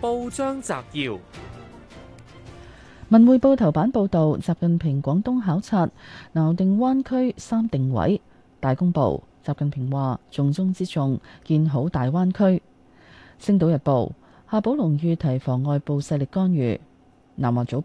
報章摘要：《文匯報》頭版報道，習近平廣東考察，錨定灣區三定位。《大公報》。習近平話：重中之重，建好大灣區。《星島日報》夏寶龍籲提防外部勢力干預。《南華早報》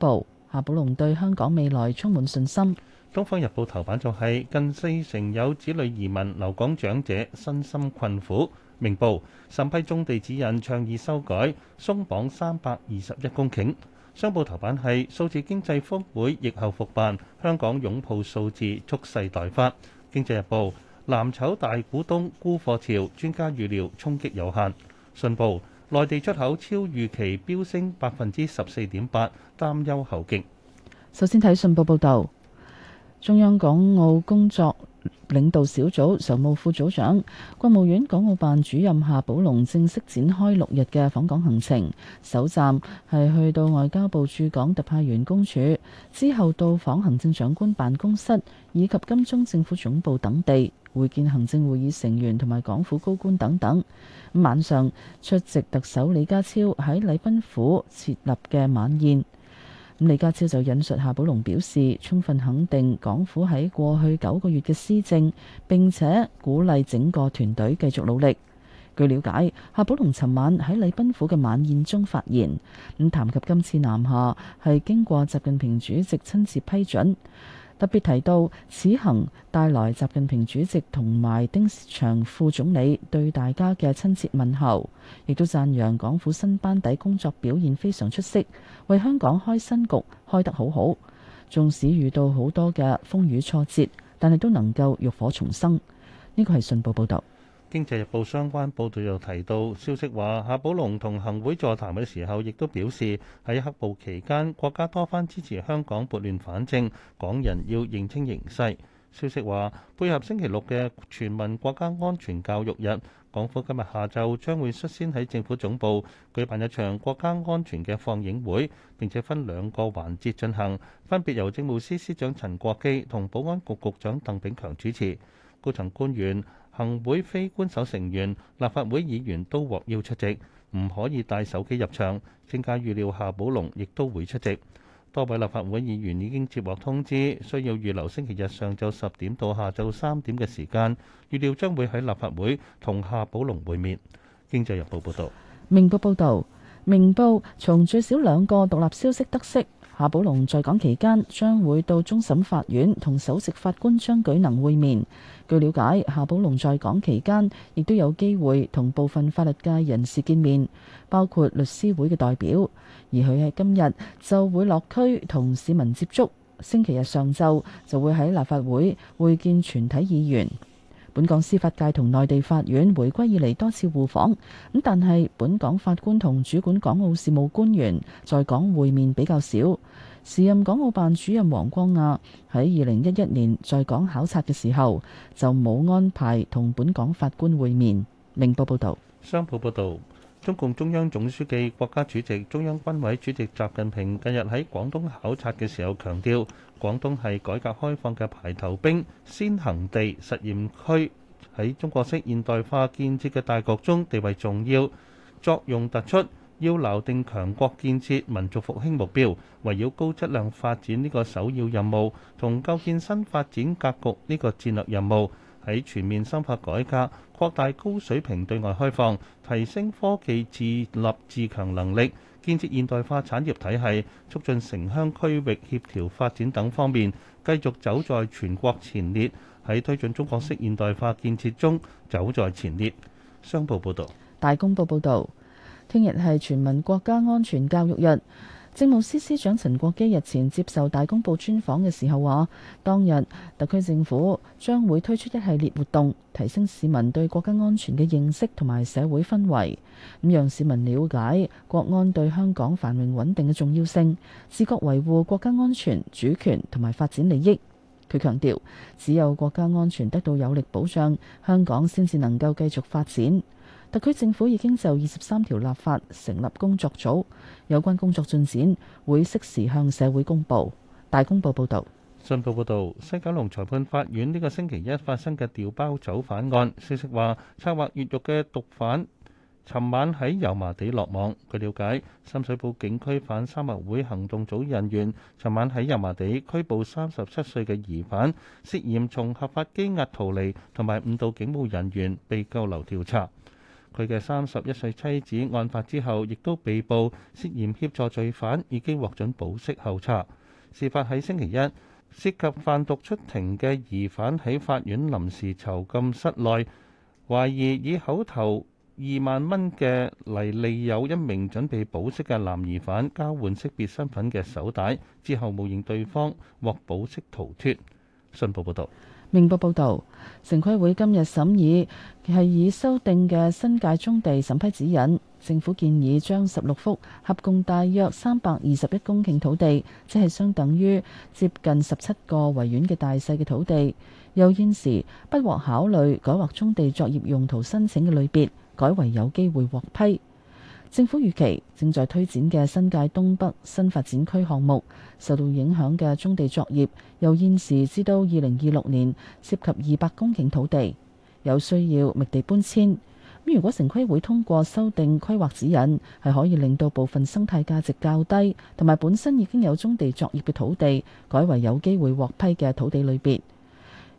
夏寶龍對香港未來充滿信心。《東方日報》頭版就係近四成有子女移民留港長者身心困苦。明報，審批宗地指引倡議修改，鬆綁三百二十一公頃。商報頭版係數字經濟峯會疫後復辦，香港擁抱數字，蓄勢待發。經濟日報，藍籌大股東沽貨潮，專家預料衝擊有限。信報，內地出口超預期飆升百分之十四點八，擔憂後勁。首先睇信報報道，中央港澳工作領導小組常務副組長、國務院港澳辦主任夏寶龍正式展開六日嘅訪港行程，首站係去到外交部駐港特派員公署，之後到訪行政長官辦公室以及金鐘政府總部等地，會見行政會議成員同埋港府高官等等。晚上出席特首李家超喺禮賓府設立嘅晚宴。李家超就引述夏寶龍表示，充分肯定港府喺過去九個月嘅施政，並且鼓勵整個團隊繼續努力。據了解，夏寶龍尋晚喺禮賓府嘅晚宴中發言，咁談及今次南下，係經過習近平主席親自批准。特別提到此行帶來習近平主席同埋丁薛祥副總理對大家嘅親切問候，亦都讚揚港府新班底工作表現非常出色，為香港開新局開得好好。縱使遇到好多嘅風雨挫折，但係都能夠浴火重生。呢個係信報報導。經濟日報相關報導又提到消息話，夏寶龍同行會座談嘅時候，亦都表示喺黑暴期間，國家多番支持香港撥亂反正，港人要認清形勢。消息話，配合星期六嘅全民國家安全教育日，港府今日下晝將會率先喺政府總部舉辦一場國家安全嘅放映會，並且分兩個環節進行，分別由政務司司長陳國基同保安局局長鄧炳強主持。高層官員、行會非官守成員、立法會議員都獲邀出席，唔可以帶手機入場。政界預料夏寶龍亦都會出席。多位立法會議員已經接獲通知，需要預留星期日上晝十點到下晝三點嘅時間，預料將會喺立法會同夏寶龍會面。經濟日報報道，明報報道，明報從最少兩個獨立消息得悉。夏寶龍在港期間將會到終審法院同首席法官張舉能會面。據了解，夏寶龍在港期間亦都有機會同部分法律界人士見面，包括律師會嘅代表。而佢喺今日就會落區同市民接觸，星期日上晝就會喺立法會會見全體議員。本港司法界同內地法院回歸以嚟，多次互訪，咁但係本港法官同主管港澳事務官員在港會面比較少。時任港澳辦主任王光亞喺二零一一年在港考察嘅時候就冇安排同本港法官會面。明報報道，商報報道。中共中央總書記、國家主席、中央軍委主席習近平近日喺廣東考察嘅時候強調，廣東係改革開放嘅排頭兵、先行地、實驗區，喺中國式現代化建設嘅大局中地位重要、作用突出，要錨定強國建設、民族復興目標，圍繞高質量發展呢個首要任務同構建新發展格局呢個戰略任務。喺全面深化改革、擴大高水平對外開放、提升科技自立自強能力、建設現代化產業體系、促進城鄉區域協調發展等方面，繼續走在全國前列；喺推進中國式現代化建設中走在前列。商報報道。大公報報道。聽日係全民國家安全教育日。政務司司長陳國基日前接受大公報專訪嘅時候話，當日特區政府將會推出一系列活動，提升市民對國家安全嘅認識同埋社會氛圍，咁讓市民了解國安對香港繁榮穩定嘅重要性，自覺維護國家安全主權同埋發展利益。佢強調，只有國家安全得到有力保障，香港先至能夠繼續發展。特區政府已經就二十三條立法成立工作組，有關工作進展會適時向社會公佈。大公報報導。信報報導西九龍裁判法院呢個星期一發生嘅掉包走犯案，消息話策劃越獄嘅毒犯尋晚喺油麻地落網。據瞭解，深水埗警區反三合會行動組人員尋晚喺油麻地拘捕三十七歲嘅疑犯，涉嫌從合法羈押逃離同埋誤導警務人員，被扣留調查。佢嘅三十一歲妻子案發之後，亦都被捕涉嫌協助罪犯，已經獲准保釋候查。事發喺星期一，涉及販毒出庭嘅疑犯喺法院臨時囚禁室內，懷疑以口頭二萬蚊嘅嚟利誘一名準備保釋嘅男疑犯交換識別身份嘅手帶，之後冒認對方獲保釋逃脫。信報報道。明報報導，城規會今日審議係以修訂嘅新界棕地審批指引，政府建議將十六幅合共大約三百二十一公頃土地，即係相等於接近十七個維園嘅大細嘅土地，有現時不獲考慮改劃棕地作業用途申請嘅類別，改為有機會獲批。政府預期正在推展嘅新界東北新發展區項目受到影響嘅棕地作業，由現時至到二零二六年涉及二百公頃土地，有需要覓地搬遷。如果城規會通過修訂規劃指引，係可以令到部分生態價值較低同埋本身已經有棕地作業嘅土地，改為有機會獲批嘅土地類別。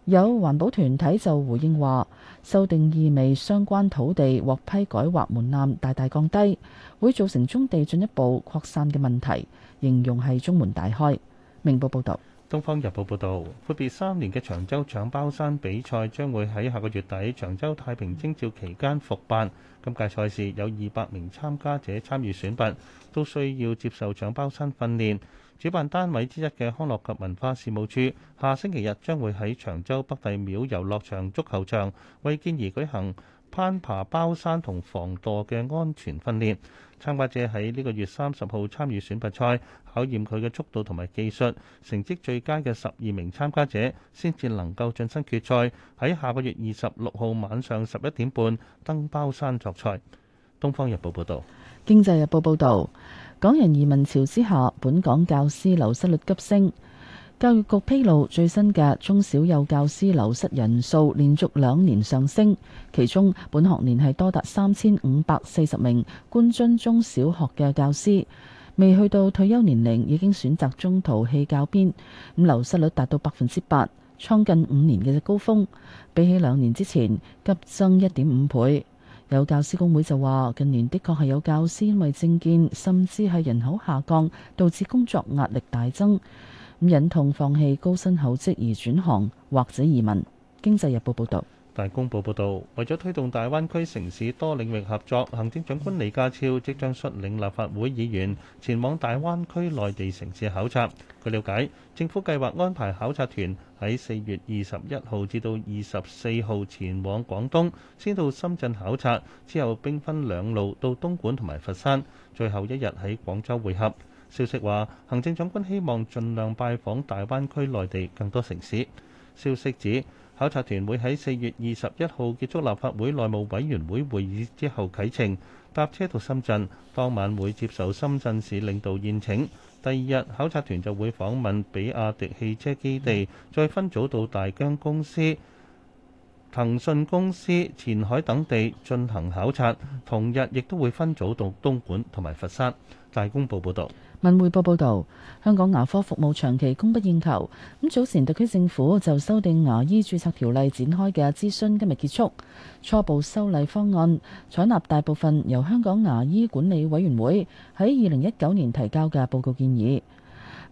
有環保團體就回應話，修訂意味相關土地獲批改劃門檻大大降低，會造成棕地進一步擴散嘅問題，形容係棕門大開。明報報道。《東方日報》報道，闊別三年嘅長洲搶包山比賽將會喺下個月底長洲太平清醮期間復辦。今屆賽事有二百名參加者參與選拔，都需要接受搶包山訓練。主辦單位之一嘅康樂及文化事務處，下星期日將會喺長洲北帝廟遊樂場足球場為健兒舉行。攀爬包山同防墮嘅安全訓練，參加者喺呢個月三十號參與選拔賽，考驗佢嘅速度同埋技術。成績最佳嘅十二名參加者先至能夠晉身決賽。喺下個月二十六號晚上十一點半登包山作賽。《東方日報》報道。《經濟日報》報道，港人移民潮之下，本港教師流失率急升。教育局披露最新嘅中小幼教師流失人數連續兩年上升，其中本學年係多達三千五百四十名官津中小學嘅教師未去到退休年齡，已經選擇中途棄教編，咁流失率達到百分之八，創近五年嘅高峰，比起兩年之前急增一點五倍。有教師工會就話，近年的確係有教師因為政見，甚至係人口下降導致工作壓力大增。忍痛放棄高薪厚職而轉行或者移民，《經濟日報》報道。大公報報道，為咗推動大灣區城市多領域合作，行政長官李家超即將率領立法會議員前往大灣區內地城市考察。據了解，政府計劃安排考察團喺四月二十一號至到二十四號前往廣東，先到深圳考察，之後兵分兩路到東莞同埋佛山，最後一日喺廣州會合。消息話，行政長官希望盡量拜訪大灣區內地更多城市。消息指，考察團會喺四月二十一號結束立法會內務委員會會議之後啟程，搭車到深圳，當晚會接受深圳市領導宴請。第二日，考察團就會訪問比亞迪汽車基地，再分組到大疆公司、騰訊公司、前海等地進行考察。同日，亦都會分組到東莞同埋佛山。大公報報道，文匯報報道，香港牙科服務長期供不應求。咁早前特區政府就修訂牙醫注冊條例展開嘅諮詢今日結束，初步修例方案，採納大部分由香港牙醫管理委員會喺二零一九年提交嘅報告建議。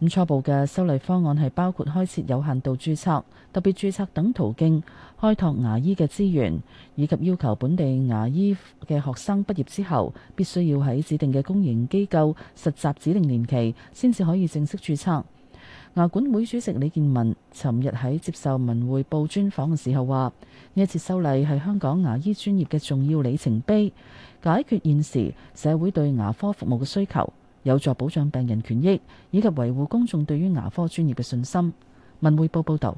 初步嘅修例方案係包括開設有限度註冊、特別註冊等途徑，開拓牙醫嘅資源，以及要求本地牙醫嘅學生畢業之後，必須要喺指定嘅公營機構實習指定年期，先至可以正式註冊。牙管會主席李建文尋日喺接受文匯報專訪嘅時候話：呢一次修例係香港牙醫專業嘅重要里程碑，解決現時社會對牙科服務嘅需求。有助保障病人權益，以及維護公眾對於牙科專業嘅信心。文匯報報道。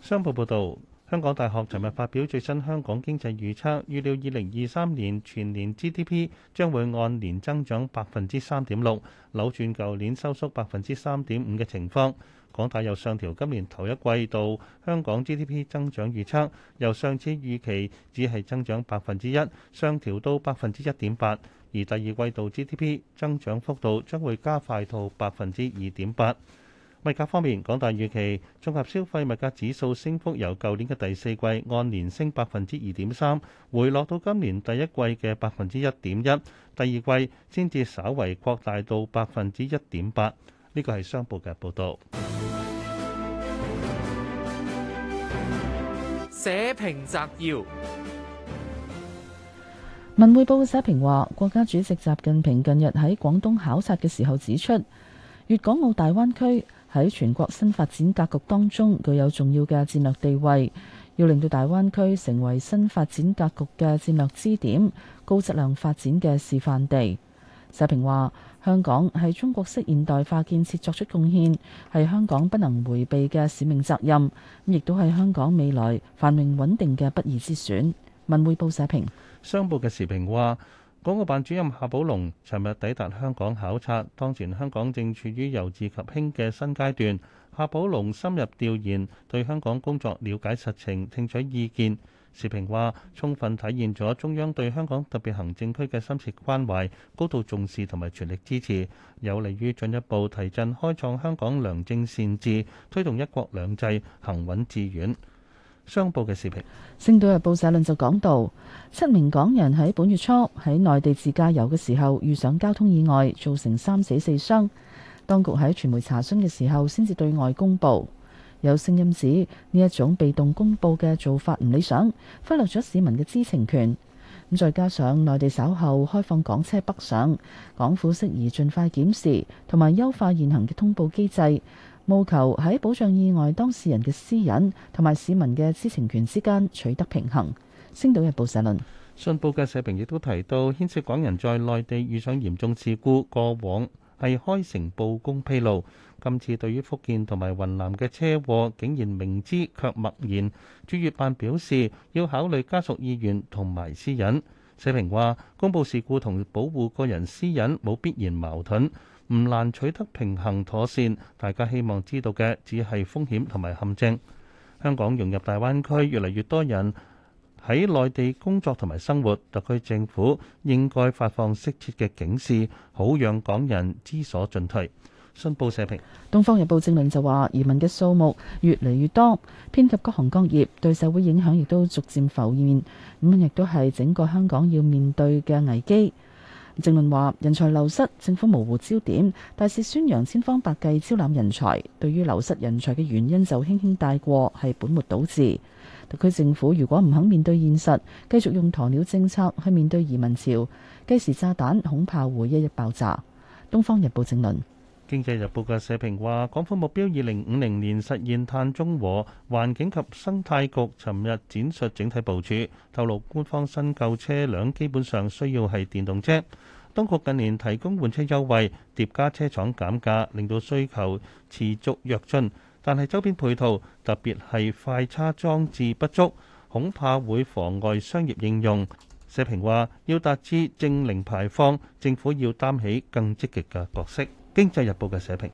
商報報道，香港大學尋日發表最新香港經濟預測，預料二零二三年全年 GDP 將會按年增長百分之三點六，扭轉舊年收縮百分之三點五嘅情況，港大又上調今年頭一季度香港 GDP 增長預測，由上次預期只係增長百分之一，上調到百分之一點八。而第二季度 GDP 增長幅度將會加快到百分之二點八。物價方面，港大預期綜合消費物價指數升幅由舊年嘅第四季按年升百分之二點三，回落到今年第一季嘅百分之一點一，第二季先至稍為擴大到百分之一點八。呢個係商報嘅報導。社評摘要。文匯報社評話，國家主席習近平近日喺廣東考察嘅時候指出，粵港澳大灣區喺全國新發展格局當中具有重要嘅戰略地位，要令到大灣區成為新發展格局嘅戰略支點、高質量發展嘅示範地。社評話，香港係中國式現代化建設作出貢獻，係香港不能回避嘅使命責任，亦都係香港未來繁榮穩定嘅不二之選。文匯報社評。商報嘅時評話，港澳辦主任夏寶龍尋日抵達香港考察，當前香港正處於由治及興嘅新階段。夏寶龍深入調研，對香港工作了解實情，聽取意見，時評話充分體現咗中央對香港特別行政區嘅深切關懷、高度重視同埋全力支持，有利於進一步提振開創香港良政善治，推動一國兩制行穩致遠。商報嘅視頻，《星島日報》社論就講到，七名港人喺本月初喺內地自駕遊嘅時候遇上交通意外，造成三死四傷。當局喺傳媒查詢嘅時候，先至對外公佈。有聲音指呢一種被動公佈嘅做法唔理想，忽略咗市民嘅知情權。咁再加上內地稍後開放港車北上，港府適宜盡快檢視同埋優化現行嘅通報機制。務求喺保障意外當事人嘅私隱同埋市民嘅知情權之間取得平衡。星島日報社論，信報嘅社評亦都提到，牽涉港人在內地遇上嚴重事故，過往係開誠佈公披露，今次對於福建同埋雲南嘅車禍，竟然明知卻默然。駐粵辦表示要考慮家屬意願同埋私隱。社評話，公佈事故同保護個人私隱冇必然矛盾。唔難取得平衡妥善，大家希望知道嘅只係風險同埋陷阱。香港融入大灣區，越嚟越多人喺內地工作同埋生活，特區政府應該發放適切嘅警示，好讓港人知所進退。新報社評，《東方日報》正論就話移民嘅數目越嚟越多，遍及各行各業，對社會影響亦都逐漸浮現，咁亦都係整個香港要面對嘅危機。正論話，人才流失，政府模糊焦點，大肆宣揚千方百計招攬人才，對於流失人才嘅原因就輕輕帶過，係本末倒置。特區政府如果唔肯面對現實，繼續用鴕鳥政策去面對移民潮，計時炸彈恐怕會一日爆炸。東方日報正論。經濟日報嘅社評話，港府目標二零五零年實現碳中和，環境及生態局尋日展述整體部署，透露官方新舊車輛基本上需要係電動車。當局近年提供換車優惠，疊加車廠減價，令到需求持續躍進。但係周邊配套特別係快充裝置不足，恐怕會妨礙商業應用。社評話，要達至淨零排放，政府要擔起更積極嘅角色。《經濟日報》嘅社評。